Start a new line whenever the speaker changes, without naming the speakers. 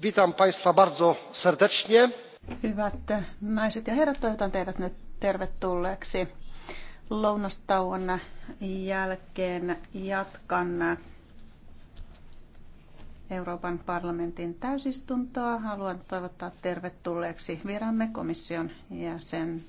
witam państwa bardzo serdecznie.
hyvät naiset ja herrat toivotan teidät nyt tervetulleeksi. lounastauon jälkeen jatkan Euroopan parlamentin täysistuntoa. Haluan toivottaa tervetulleeksi viramme komission jäsen